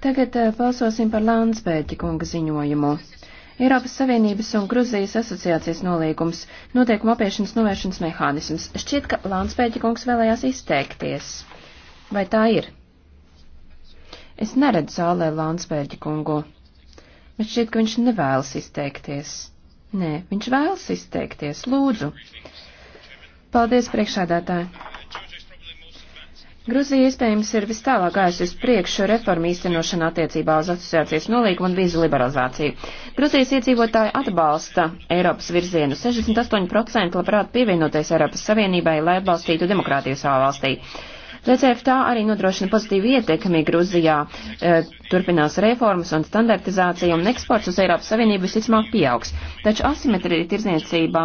Tagad eh, balsosim par Lānsbēķa kunga ziņojumu. Eiropas Savienības un Gruzijas asociācijas nolīgums - noteikuma apiešanas novēršanas mehānisms. Šķiet, ka Lānsbēķa kungs vēlējās izteikties. Vai tā ir? Es neredzu zālē Lānsbēķa kungu. Man šķiet, ka viņš nevēlas izteikties. Nē, viņš vēlas izteikties. Lūdzu. Paldies, priekšādātāji. Gruzija iespējams ir vis tālāk gājusi uz priekšu reformu īstenošanā attiecībā uz asociācijas nolīgumu un vīzu liberalizāciju. Gruzijas iedzīvotāji atbalsta Eiropas virzienu. 68% labprāt pievienoties Eiropas Savienībai, lai atbalstītu demokrātiju savā valstī. DCF tā arī nodrošina pozitīvu ietekmi Gruzijā. E, Turpinās reformas un standartizācija, un eksports uz Eiropas Savienību visticamāk pieaugs. Taču asimetrija tirzniecībā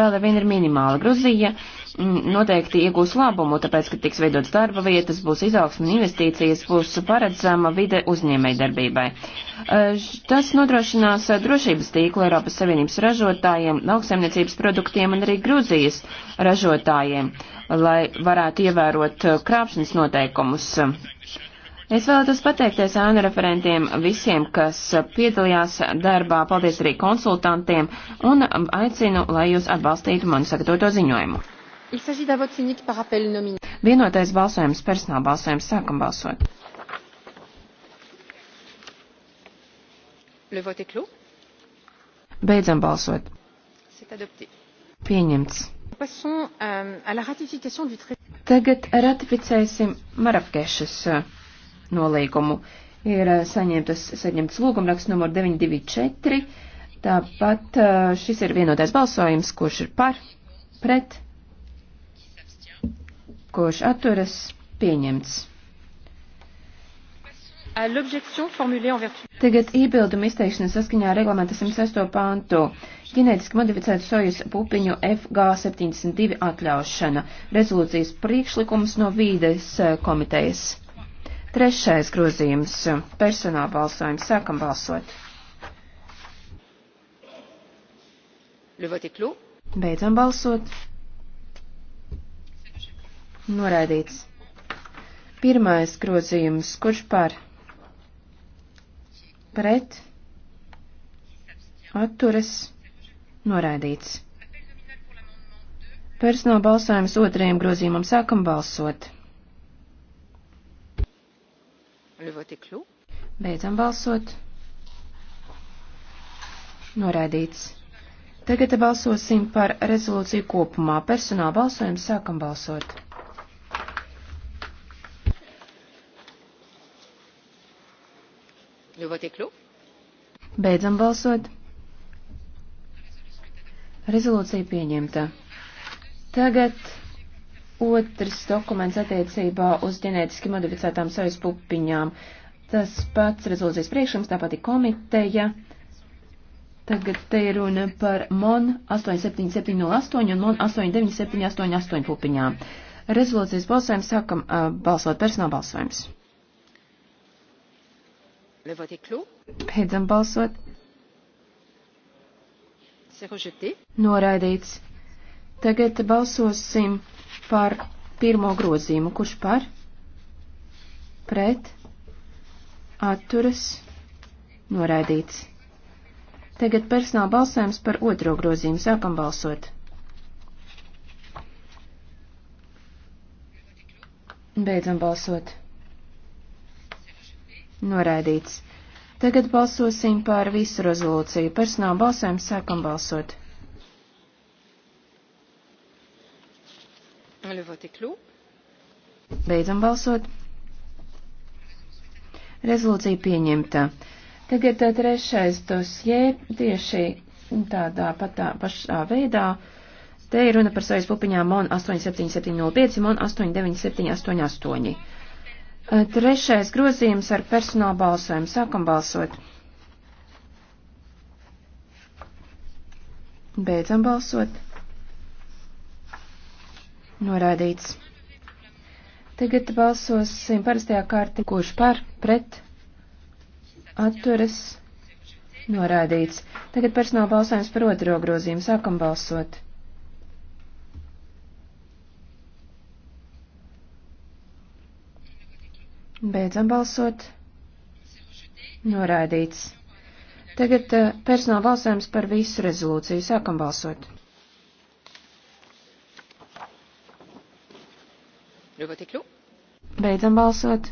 vēl vien ir minimāla. Gruzija mm, noteikti iegūs labumu, tāpēc, ka tiks veidots darba vietas, būs izaugsme un investīcijas, būs paredzama vide uzņēmēji darbībai. Tas nodrošinās drošības tīklu Eiropas Savienības ražotājiem, lauksaimniecības produktiem un arī Gruzijas ražotājiem, lai varētu ievērot krāpšanas noteikumus Es vēlētos pateikties ēnu referentiem visiem, kas piedalījās darbā. Paldies arī konsultantiem un aicinu, lai jūs atbalstītu manu sagatavoto ziņojumu. Vienotais balsojums, personāla balsojums, sākam balsot. Beidzam balsot. Pieņemts. Euh, Tagad ratificēsim Marafkešas nolīgumu. Ir eh, saņemtas, saņemts lūgumraksts numur 924. Tāpat eh, šis ir vienotais balsojums, kurš ir par, pret, kurš atturas, pieņemts. Tagad iebildumu izteikšana saskaņā ar reglamenta 106. pantu. Ģenētiski modificētu sojas pupiņu FG72 atļaušana. Rezolūcijas priekšlikums no vīdes eh, komitejas. Trešais grozījums - personāla balsojums. Sākam balsot. Beidzam balsot. Noraidīts. Pirmais grozījums - kurš par? Pret? Atturas? Noraidīts. Personāla balsojums otrajam grozījumam sākam balsot. Beidzam balsot. Noraidīts. Tagad balsosim par rezolūciju kopumā. Personāla balsojumu sākam balsot. Beidzam balsot. Rezolūcija pieņemta. Tagad Otrs dokuments attiecībā uz ģenētiski modificētām sojas pupiņām. Tas pats rezolūcijas priekšums, tāpat ir komiteja. Tagad te ir runa par MON 87708 un MON 89788 pupiņām. Rezolūcijas balsojums sākam uh, balsot personāla balsojums. Beidzam balsot. Noraidīts. Tagad balsosim par pirmo grozījumu, kurš par, pret, atturas, noraidīts. Tagad personāla balsojums par otro grozījumu. Sākam balsot. Beidzam balsot. Noraidīts. Tagad balsosim par visu rezolūciju. Personāla balsojums sākam balsot. Le vote est clos. Beidzam balsot. Rezolūcija pieņemta. Tagad eh, trešais dosie tieši tādā patā pašā veidā. Te ir runa par savas pupiņām MON 87705, MON 89788. Eh, trešais grozījums ar personāla balsojumu. Sākam balsot. Beidzam balsot. Noraidīts. Tagad balsosim parastajā kārtī, kurš par, pret, atturas, noraidīts. Tagad personāla balsojums par otro grozījumu. Sākam balsot. Beidzam balsot. Noraidīts. Tagad eh, personāla balsojums par visu rezolūciju. Sākam balsot. Le vote est clos. Beidzam balsot.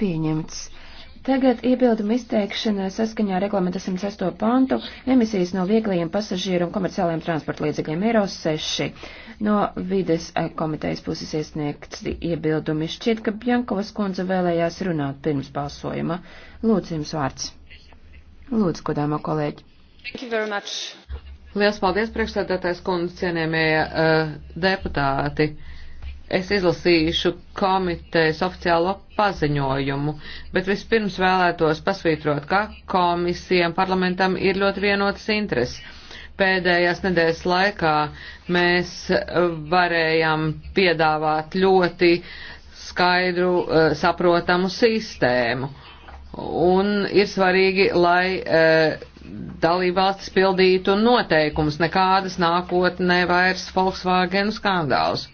Pieņemts. Tagad iebilduma izteikšana saskaņā ar reglamenta 106. pantu emisijas no vieglajiem pasažieru un komerciālajiem transporta līdzekļiem Eiro 6. No vides eh, komitejas puses iesniegts iebildumi. Šķiet, ka Bjankovas kundze vēlējās runāt pirms balsojuma. Lūdzu, jums vārds. Lūdzu, godāmā kolēģi. Thank you very much. Liels paldies, priekšsēdētājs kundze, cienījamie uh, deputāti. Es izlasīšu komitejas oficiālo paziņojumu, bet vispirms vēlētos pasvītrot, ka komisijām parlamentam ir ļoti vienotas intereses. Pēdējās nedēļas laikā mēs eh, varējām piedāvāt ļoti skaidru, uh, saprotamu sistēmu. Un ir svarīgi, lai uh, dalībvalstis pildītu noteikumus, nekādas nākotnē vairs Volkswagen skandāls.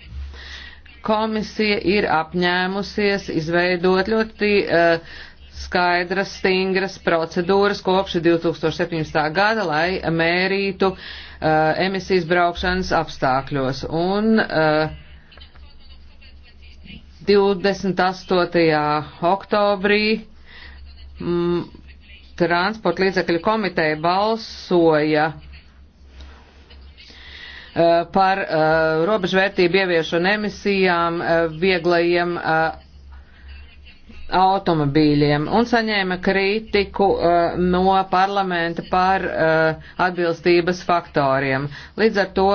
Komisija ir apņēmusies izveidot ļoti uh, skaidras, stingras procedūras kopš 2017. gada, lai mērītu uh, emisijas braukšanas apstākļos. Un, uh, eh, 28. oktobrī mm, transporta līdzekļu komiteja balsoja uh, par uh, robežvērtību ieviešanu emisijām uh, vieglajiem automobīļiem un saņēma kritiku uh, no parlamenta par uh, atbilstības faktoriem. Līdz ar to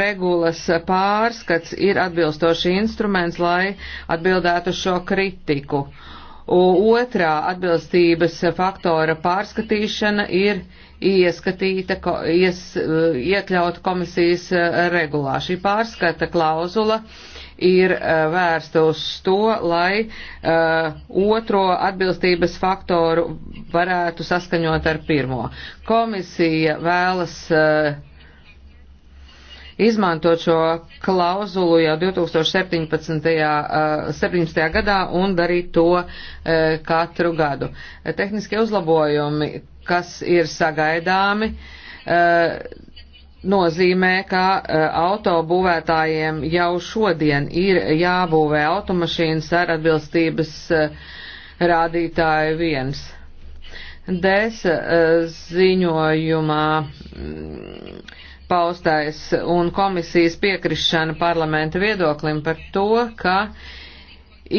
regulas pārskats ir atbilstoši instruments, lai atbildētu šo kritiku. Uh, Otrā atbilstības faktora pārskatīšana ir ieskatīta, ies, iekļauta komisijas e, regulā. Šī pārskata klauzula ir e, vērsta uz to, lai uh, otro atbilstības faktoru varētu saskaņot ar pirmo. Komisija vēlas uh, izmantot šo klauzulu jau 2017. 17. Eh, gadā un darīt to eh, katru gadu. Tehniskie uzlabojumi, kas ir sagaidāmi, eh, nozīmē, ka autobūvētājiem jau šodien ir jābūvē automašīnas ar atbilstības rādītāju viens desa ziņojumā mm, paustais un komisijas piekrišana parlamenta viedoklim par to, ka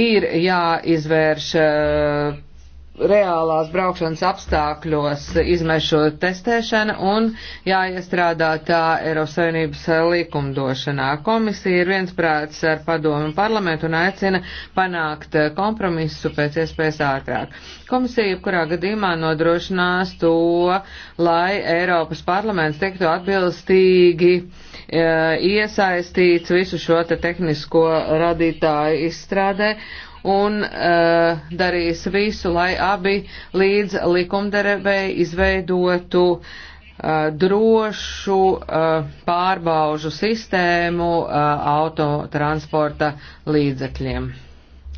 ir jāizvērš uh, reālās braukšanas apstākļos izmešot testēšana un jāiestrādā tā Eiropas Savienības likumdošanā. Komisija ir viensprāts ar padomu un parlamentu un aicina panākt kompromisu pēc iespējas ātrāk. Komisija jebkurā gadījumā nodrošinās to, lai Eiropas parlaments tiktu atbilstīgi e, iesaistīts visu šo te tehnisko radītāju izstrādē un uh, darīs visu, lai abi līdz likumderevēji izveidotu uh, drošu uh, pārbaužu sistēmu uh, autotransporta līdzekļiem.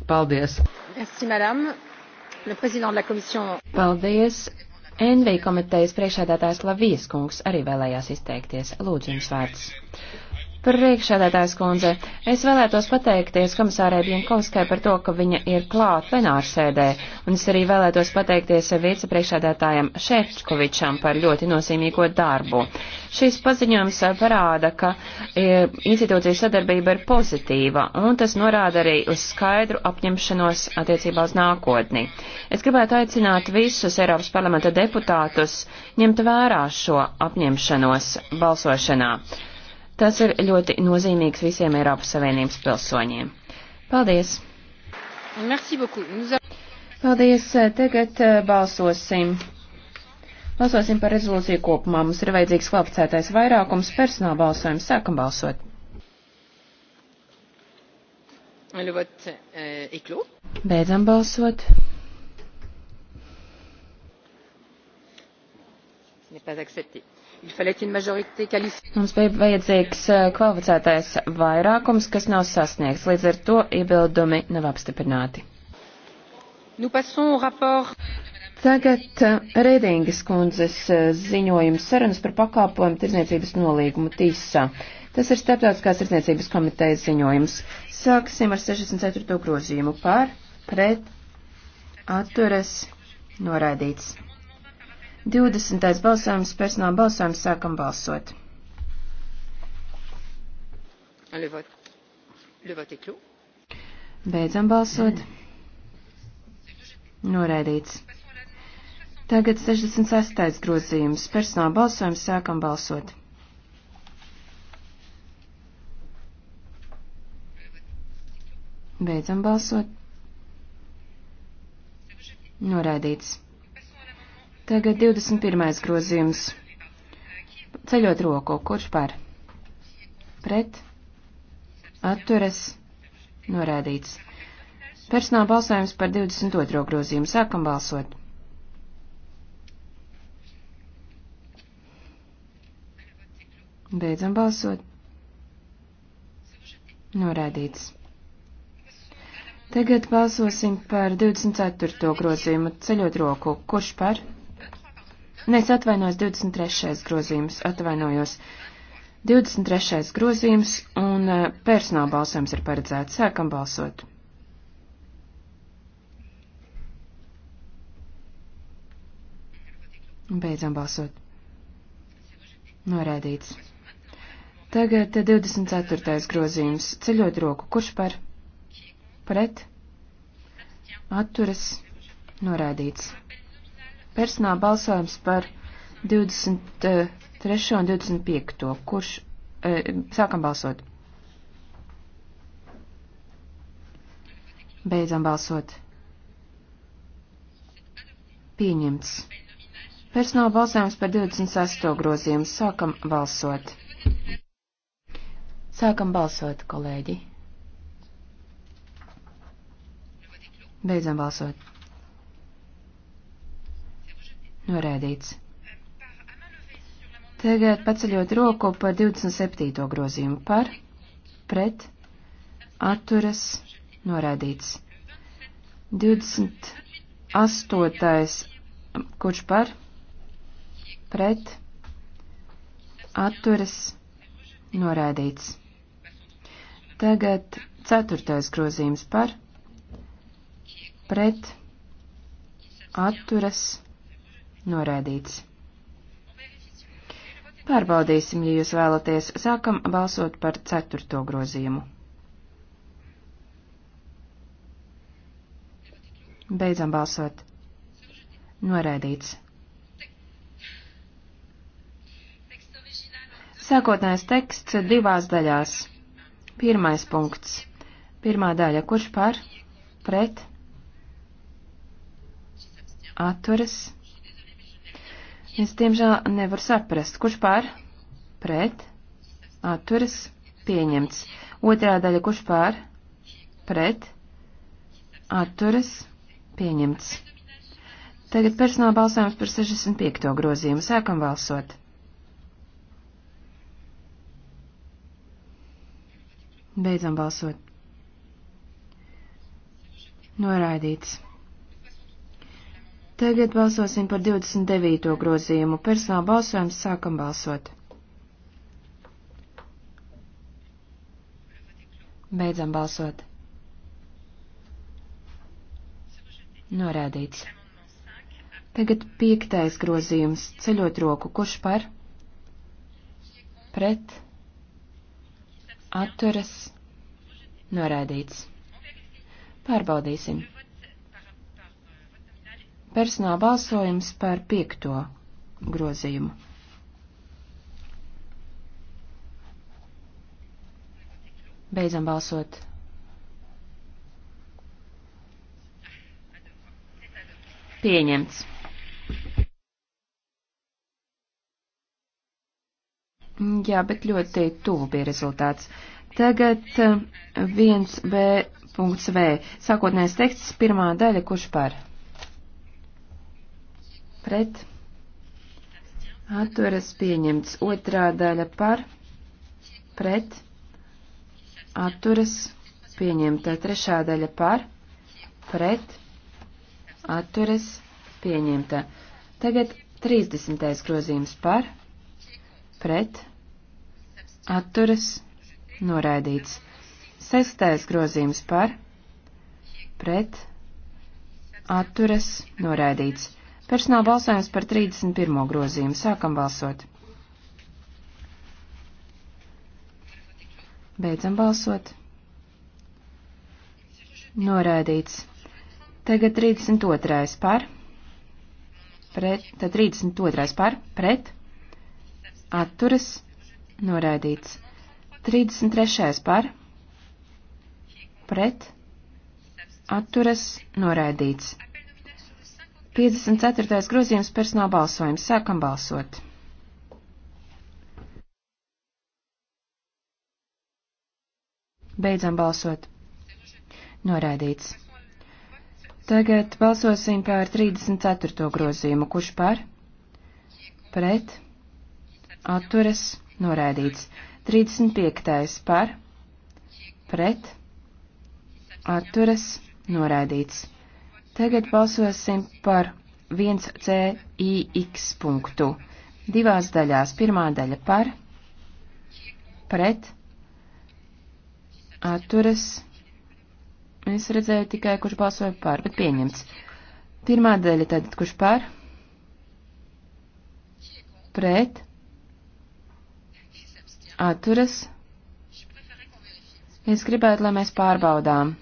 Paldies! Merci, madame. Le président de la commission. Paldies! NV komitejas priekšēdētājs Lavijas kungs arī vēlējās izteikties. Lūdzu, jums vārds. Priekšādētājs kundze, es vēlētos pateikties komisārai Bienkovskai par to, ka viņa ir klāt plenārsēdē, un es arī vēlētos pateikties vicepriekšādētājam Šefčkovičam par ļoti nozīmīgo darbu. Šis paziņojums parāda, ka e, institūcija sadarbība ir pozitīva, un tas norāda arī uz skaidru apņemšanos attiecībā uz nākotni. Es gribētu aicināt visus Eiropas parlamenta deputātus ņemt vērā šo apņemšanos balsošanā. Tas ir ļoti nozīmīgs visiem Eiropas Savienības pilsoņiem. Paldies! Merci beaucoup. Nous a... Paldies! Eh, tagad eh, balsosim. Balsosim par rezolūciju kopumā. Mums ir vajadzīgs kvalificētais vairākums personāla balsojums. Sākam balsot. Le vote eh, est clos. Beidzam balsot. Ce n'est pas accepté. Mums bija vajadzīgs eh, kvalificētais vairākums, kas nav sasniegts, līdz ar to iebildumi nav apstiprināti. Tagad eh, Rēdingas kundzes eh, ziņojums sarunas par pakāpojumu tirdzniecības nolīgumu tīsā. Tas ir starptautiskās tirdzniecības komitejas ziņojums. Sāksim ar 64. grozījumu par, pret, atturas, noraidīts. 20. balsojums personāla balsojums sākam balsot. Le vote. Le vote Beidzam balsot. Noraidīts. Tagad 66. grozījums. Personāla balsojums sākam balsot. Beidzam balsot. Noraidīts. Tagad 21. grozījums. Ceļot roku, kurš par? Pret, atturas, norādīts. Personāla balsojums par 22. grozījumu. Sākam balsot. Beidzam balsot. Norādīts. Tagad balsosim par 24. grozījumu ceļot roku. Kurš par? Nē, es atvainojos 23. grozījums, atvainojos. 23. grozījums un eh, personāla balsojums ir paredzēts. Sākam balsot. Beidzam balsot. Noraidīts. Tagad 24. grozījums. Ceļot roku. Kurš par? Pret? Atturas. Noraidīts personāla balsojums par 23. Eh, un 25. Kurš eh, sākam balsot? Beidzam balsot. Pieņemts. Personāla balsojums par 26. grozījumu. Sākam balsot. Sākam balsot, kolēģi. Beidzam balsot. Norēdīts. Tagad paceļot roku par 27. grozījumu par, pret, atturas, norādīts. 28. kurš par, pret, atturas, norādīts. Tagad 4. grozījums par, pret, atturas, norādīts Noraidīts. Pārbaudīsim, ja jūs vēlaties. Sākam balsot par ceturto grozījumu. Beidzam balsot. Noraidīts. Sākotnējais teksts divās daļās. Pirmais punkts. Pirmā daļa. Kurš par? Pret? Atturas? Es diemžēl nevaru saprast, kurš pār, pret, atturas, pieņemts. Otrā daļa, kurš pār, pret, atturas, pieņemts. Tagad personāla balsojums par 65. grozījumu. Sākam balsot. Beidzam balsot. Noraidīts. Tagad balsosim par 29. grozījumu. Personāla balsojums sākam balsot. Beidzam balsot. Norādīts. Tagad piektais grozījums - ceļot roku. Kurš par? Pret? Atturas? Norādīts. Pārbaudīsim personāla balsojums par piekto grozījumu. Beidzam balsot. Pieņemts. Jā, bet ļoti tuvu bija rezultāts. Tagad 1B eh, punkts V. Sākotnējais teksts, pirmā daļa, kurš par? pret atturas pieņemts. Otrā daļa par pret atturas pieņemta. Trešā daļa par pret atturas pieņemta. Tagad 30. grozījums par pret atturas noraidīts. Sestais grozījums par pret atturas noraidīts. Personāla balsojums par 31. grozījumu. Sākam balsot. Beidzam balsot. Noraidīts. Tagad 32. par. Pret, tad 32. par. Pret. Atturas. Noraidīts. 33. par. Pret. Atturas. Noraidīts. 54. grozījums personāla balsojums. Sākam balsot. Beidzam balsot. Noraidīts. Tagad balsosim par 34. grozījumu. Kurš par? Pret. Atturas. Noraidīts. 35. par. Pret. Atturas. Noraidīts. Tagad balsosim par 1CIX punktu. Divās daļās. Pirmā daļa par, pret, atturas. Es redzēju tikai, kurš balsoja par, bet pieņemts. Pirmā daļa tātad, kurš par, pret, atturas. Es gribētu, lai mēs pārbaudām.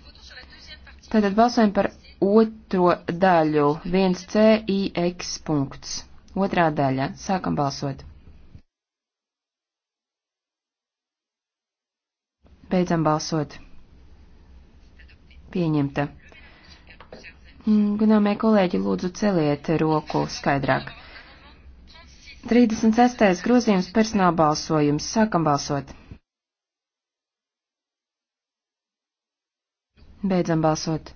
Tātad balsojam par otro daļu 1CIX punkts. Otrā daļa. Sākam balsot. Beidzam balsot. Pieņemta. Mm, Gunāmie kolēģi, lūdzu celiet roku skaidrāk. 36. grozījums personāla balsojums. Sākam balsot. Beidzam balsot.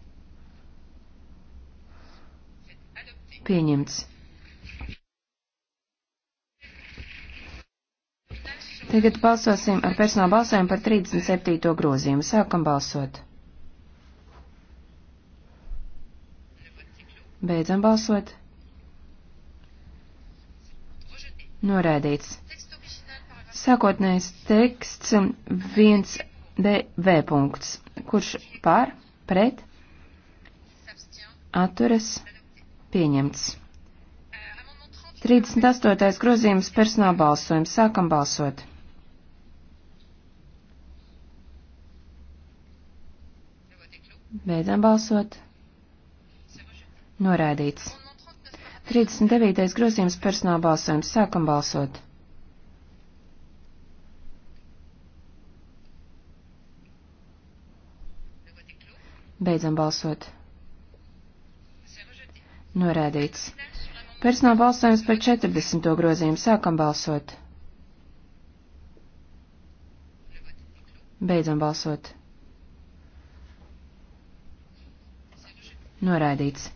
Pieņemts. Tagad balsosim ar personālu balsojumu par 37. grozījumu. Sākam balsot. Beidzam balsot. Noraidīts. Sākotnējs teksts 1BV punkts. Kurš pār, pret, atturas, Pieņemts. 38. grozījums personāla balsojums. Sākam balsot. Beidzam balsot. Noraidīts. 39. grozījums personāla balsojums. Sākam balsot. Beidzam balsot. Norēdīts. Personāla balsojums par 40. grozījumu. Sākam balsot. Beidzam balsot. Noraidīts.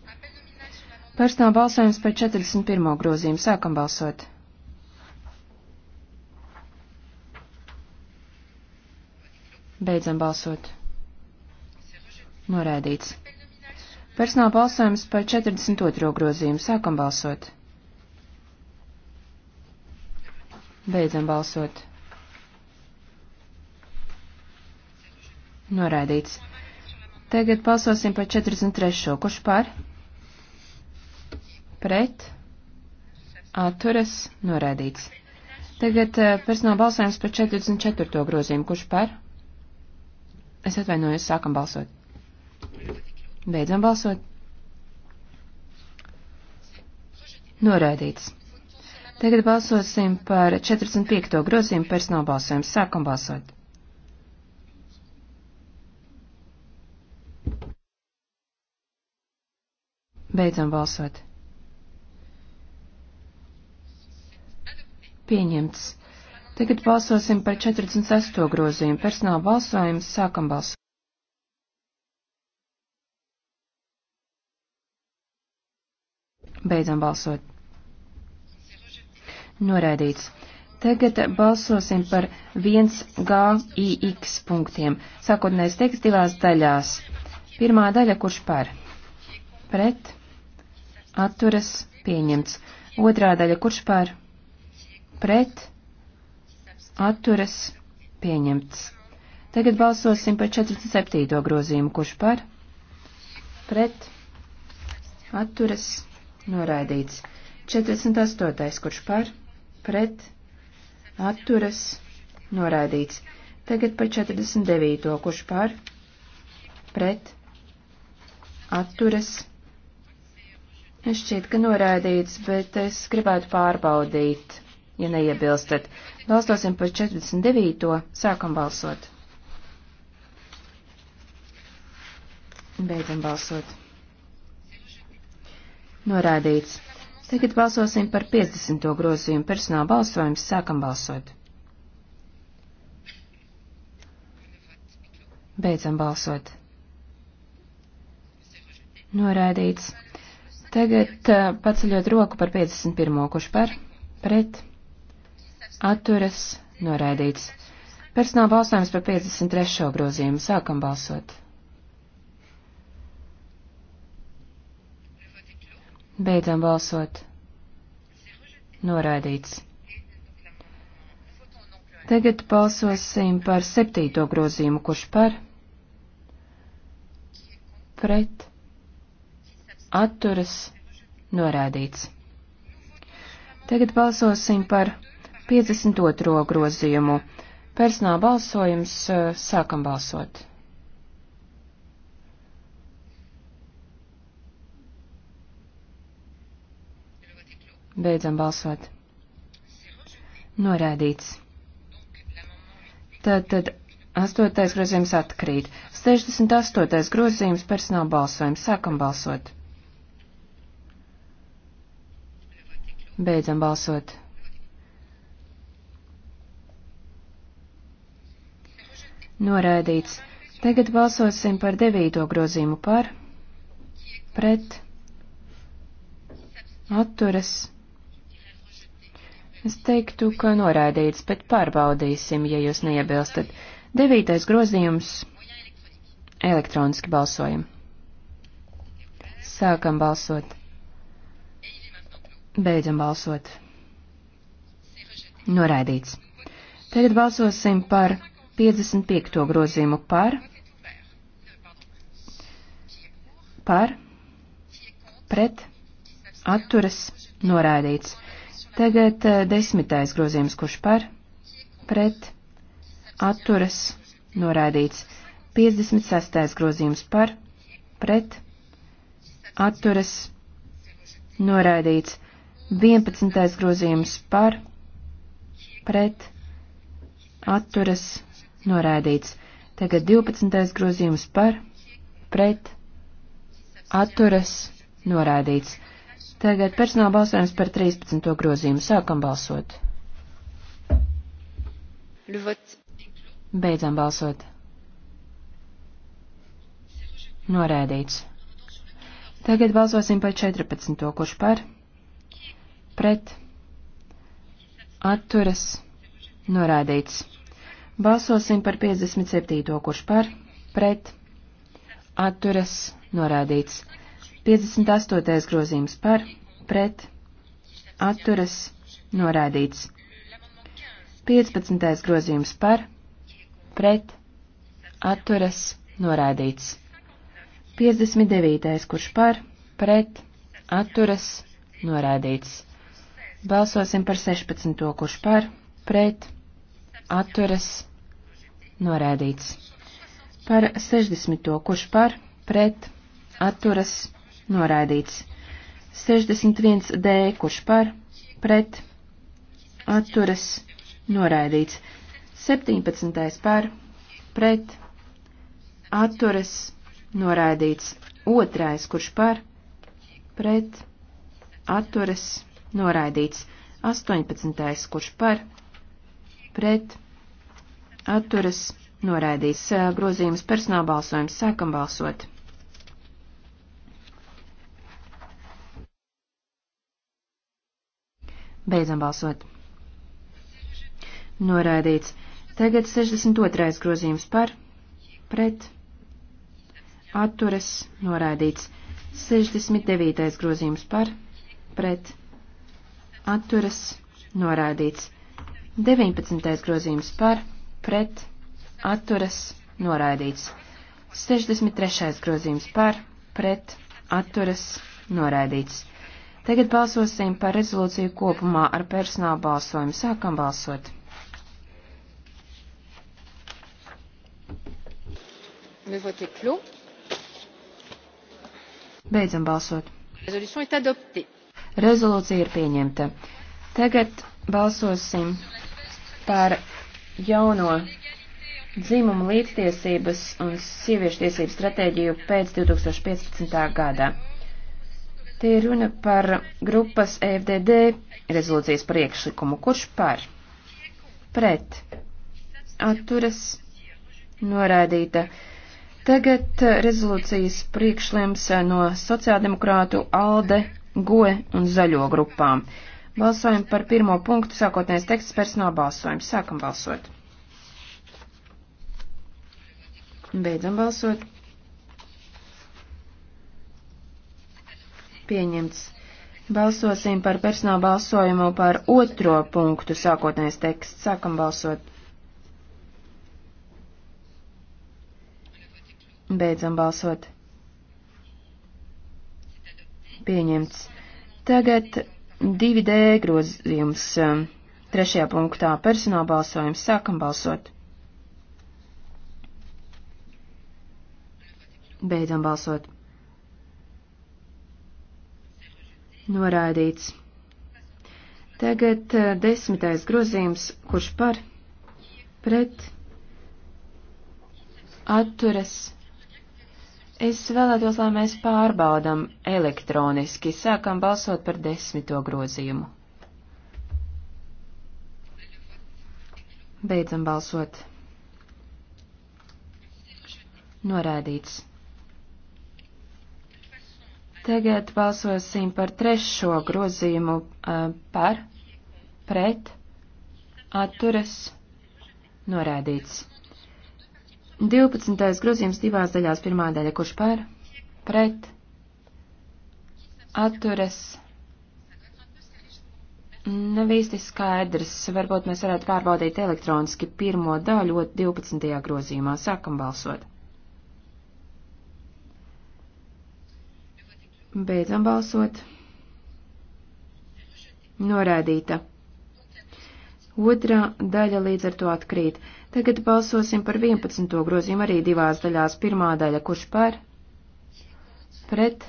Personāla balsojums par 41. grozījumu. Sākam balsot. Beidzam balsot. Noraidīts. Personāla balsojums par 42. grozījumu. Sākam balsot. Beidzam balsot. Noraidīts. Tagad balsosim par 43. Kurš par? Pret. Atturas. Noraidīts. Tagad eh, personāla balsojums par 44. grozījumu. Kurš par? Es atvainojos, sākam balsot. Beidzam balsot. Noraidīts. Tagad balsosim par 45. grozījumu personāla balsojumu. Sākam balsot. Beidzam balsot. Pieņemts. Tagad balsosim par 46. grozījumu. Personāla balsojumu. Sākam balsot. Beidzam balsot. Noraidīts. Tagad balsosim par 1GIX punktiem. Sākotnējais teksts divās daļās. Pirmā daļa, kurš par? Pret. Atturas. Pieņemts. Otrā daļa, kurš par? Pret. Atturas. Pieņemts. Tagad balsosim par 47. grozījumu, kurš par? Pret. Atturas. Pieņemts noraidīts. 48. kurš par, pret, atturas, noraidīts. Tagad par 49. kurš par, pret, atturas. Es šķiet, ka noraidīts, bet es gribētu pārbaudīt, ja neiebilstat. Balstosim par 49. sākam balsot. Beidzam balsot. Norādīts. Tagad balsosim par 50. grozījumu personāla balsojums. Sākam balsot. Beidzam balsot. Noraidīts. Tagad uh, paceļot roku par 51. kurš par, pret, atturas, noraidīts. Personāla balsojums par 53. grozījumu. Sākam balsot. Beidzam balsot. Noraidīts. Tagad balsosim par septīto grozījumu, kurš par, pret, atturas, norādīts. Tagad balsosim par 52. grozījumu. Personāla balsojums sākam balsot. Beidzam balsot. Norādīts. Tad, tad 8. grozījums atkrīt. 68. grozījums personāla balsojums. Sākam balsot. Beidzam balsot. Noraidīts. Tagad balsosim par devīto grozījumu par, pret, atturas, Es teiktu, ka noraidīts, bet pārbaudīsim, ja jūs neiebilstat. Devītais grozījums - elektroniski balsojam. Sākam balsot. Beidzam balsot. Noraidīts. Tagad balsosim par 55. grozījumu par, par, pret, atturas, noraidīts. Tagad eh, desmitais grozījums, kurš par, pret, atturas, norādīts. 56. grozījums par, pret, atturas, norādīts. 11. grozījums par, pret, atturas, norādīts. Tagad 12. grozījums par, pret, atturas, norādīts. Tagad personāla balsojums par 13. grozījumu. Sākam balsot. Beidzam balsot. Norēdīts. Tagad balsosim par 14. kurš par, pret, atturas, norādīts. Balsosim par 57. kurš par, pret, atturas, norādīts. 58. grozījums par, pret, atturas, norādīts. 15. grozījums par, pret, atturas, norādīts. 59. kurš par, pret, atturas, norādīts. Balsosim par 16. kurš par, pret, atturas, norādīts. Par 60. kurš par, pret, atturas, norādīts noraidīts. 61D, kurš par, pret, atturas, noraidīts. 17. par, pret, atturas, noraidīts. Otrais, kurš par, pret, atturas, noraidīts. 18. kurš par, pret, atturas, noraidīts. Grozījums personāla balsojums sākam balsot. Beidzam balsot. Noraidīts. Tagad 62. grozījums par, pret, atturas, noraidīts. 69. grozījums par, pret, atturas, noraidīts. 19. grozījums par, pret, atturas, noraidīts. 63. grozījums par, pret, atturas, noraidīts. Tagad balsosim par rezolūciju kopumā ar personālu balsojumu. Sākam balsot. Beidzam balsot. Rezolūcija ir pieņemta. Tagad balsosim par jauno dzimumu līdztiesības un sieviešu tiesību stratēģiju pēc 2015. gadā. Te ir runa par grupas EFDD rezolūcijas priekšlikumu. Kurš par? Pret. Atturas. Noraidīta. Tagad rezolūcijas priekšlims no sociāldemokrātu ALDE, GOE un Zaļo grupām. Balsojam par pirmo punktu, sākotnējais teksts personāla balsojums. Sākam balsot. Beidzam balsot. Pieņemts. Balsosim par personālu balsojumu par otro punktu sākotnējais teksts. Sākam balsot. Beidzam balsot. Pieņemts. Tagad 2D grozījums. Um, trešajā punktā personāla balsojums. Sākam balsot. Beidzam balsot. Noraidīts. Tagad eh, desmitais grozījums, kurš par pret atturas. Es vēlētos, lai mēs pārbaudam elektroniski. Sākam balsot par desmito grozījumu. Beidzam balsot. Norādīts. Tagad balsosim par trešo grozījumu par, pret, atturas, norādīts. 12. grozījums divās daļās, pirmā daļa, kurš par, pret, atturas, nav īsti skaidrs, varbūt mēs varētu pārbaudīt elektroniski pirmo daļu 12. grozījumā, sākam balsot. Beidzam balsot. Norādīta. Otrā daļa līdz ar to atkrīt. Tagad balsosim par 11. grozījumu arī divās daļās. Pirmā daļa, kurš par, pret,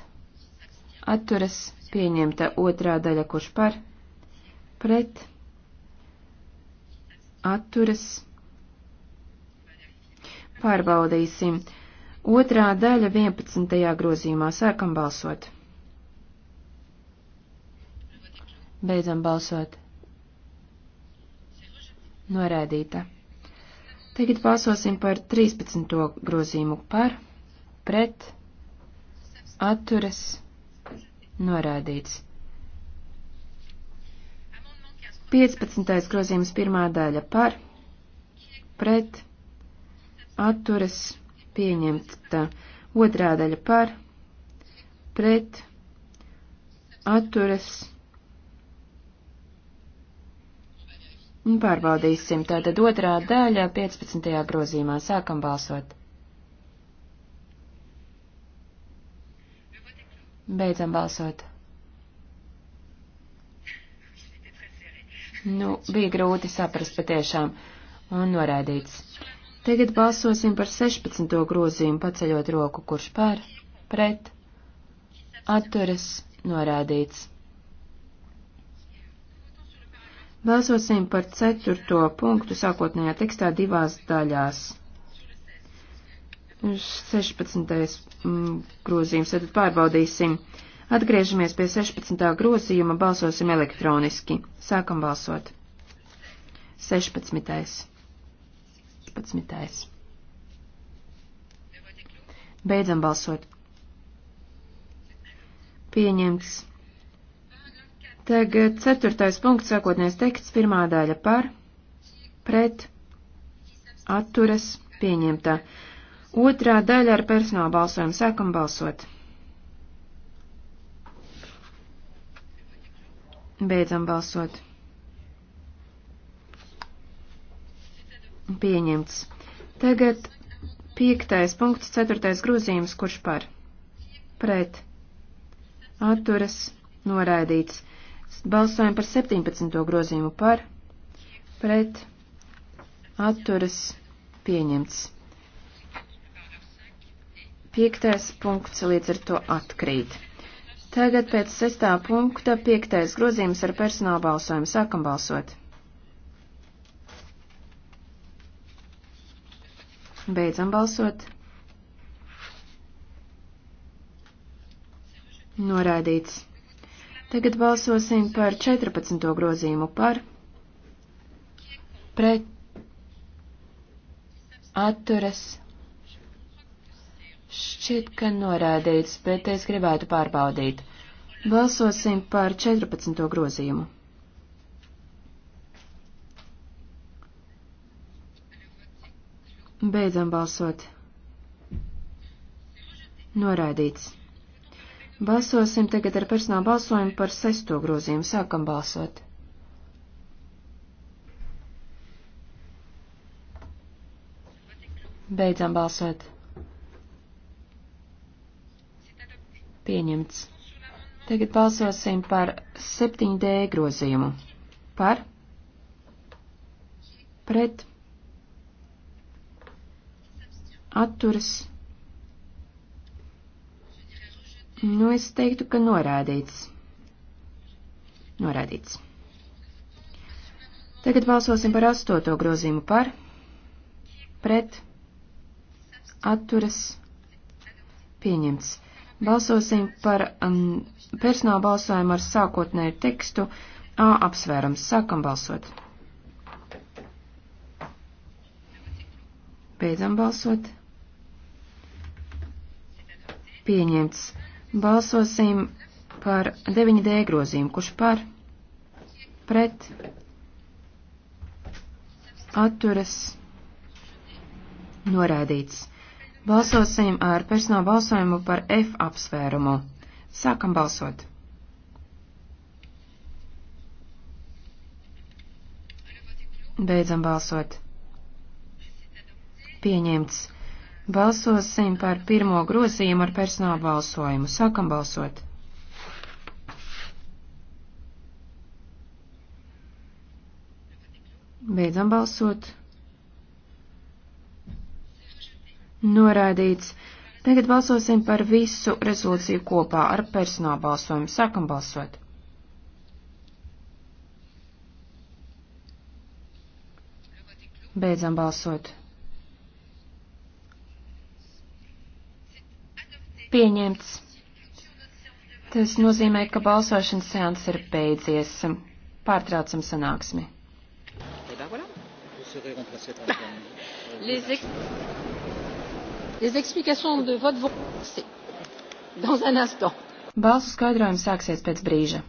atturas, pieņemta. Otrā daļa, kurš par, pret, atturas. Pārbaudīsim. Otrā daļa 11. grozījumā sākam balsot. Beidzam balsot. Noraidīta. Tagad balsosim par 13. grozīmu par, pret, atturas, norādīts. 15. grozījums pirmā daļa par, pret, atturas, pieņemta. Otrā daļa par, pret, atturas, pieņemta Un pārbaudīsim. Tātad otrā daļa 15. grozīmā. Sākam balsot. Beidzam balsot. Nu, bija grūti saprast patiešām un noraidīts. Tagad balsosim par 16. grozījumu, paceļot roku, kurš par, pret, atturas, noraidīts. Balsosim par ceturto punktu sākotnējā tekstā divās daļās. 16. Mm, grozījums, tad pārbaudīsim. Atgriežamies pie 16. grozījuma, balsosim elektroniski. Sākam balsot. 16. 16. Beidzam balsot. Pieņemts. Tagad ceturtais punkts, sākotnēs teksts, pirmā daļa par, pret, atturas, pieņemta. Otrā daļa ar personālu balsojumu. Sākam balsot. Beidzam balsot. Pieņemts. Tagad piektais punkts, ceturtais grozījums, kurš par, pret, atturas, noraidīts. Balsojam par 17. grozījumu par, pret, atturas, pieņemts. Piektais punkts līdz ar to atkrīt. Tagad pēc sestā punkta piektais grozījums ar personāla balsojumu. Sākam balsot. Beidzam balsot. Noraidīts. Tagad balsosim par 14. grozījumu par pret atturas. Šķiet, ka norādīts, bet es gribētu pārbaudīt. Balsosim par 14. grozījumu. Beidzam balsot. Norādīts. Balsosim tagad ar personālu balsojumu par sesto grozījumu. Sākam balsot. Beidzam balsot. Pieņemts. Tagad balsosim par 7D grozījumu. Par? Pret? Atturas? Nu, es teiktu, ka norādīts. Norādīts. Tagad balsosim par astoto grozījumu par, pret, atturas, pieņemts. Balsosim par um, personālu balsojumu ar sākotnēju tekstu A apsvērums. Sākam balsot. Beidzam balsot. Pieņemts. Balsosim par 9D grozījumu. Kurš par? Pret? Atturas? Norādīts. Balsosim ar personālu balsojumu par F apsvērumu. Sākam balsot. Beidzam balsot. Pieņemts. Balsosim par pirmo grozījumu ar personālu balsojumu. Sākam balsot. Beidzam balsot. Norādīts. Tagad balsosim par visu rezolūciju kopā ar personālu balsojumu. Sākam balsot. Beidzam balsot. Pieņemts. Tas nozīmē, ka balsošanas seans ir beidzies. Pārtraucam sanāksmi. Balsu skaidrojums sāksies pēc brīža.